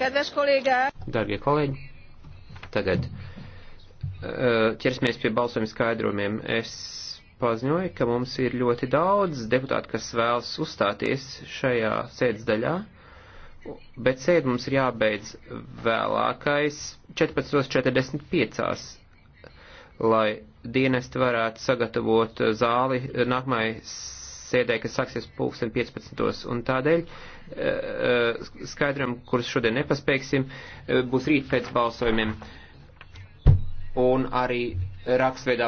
Darbie kolēģi, tagad ķersimies pie balsojuma skaidrojumiem. Es paziņoju, ka mums ir ļoti daudz deputātu, kas vēlas uzstāties šajā sēdes daļā, bet sēde mums ir jābeidz vēlākais 14.45, lai dienesti varētu sagatavot zāli nākamajai sēdē, kas sāksies pulksten 15. un tādēļ skaidram, kurus šodien nepaspēksim, eh, būs rīt pēc balsojumiem. Un arī rakstveidā